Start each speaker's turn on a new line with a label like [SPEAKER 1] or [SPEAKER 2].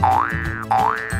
[SPEAKER 1] Oink, oink, oink.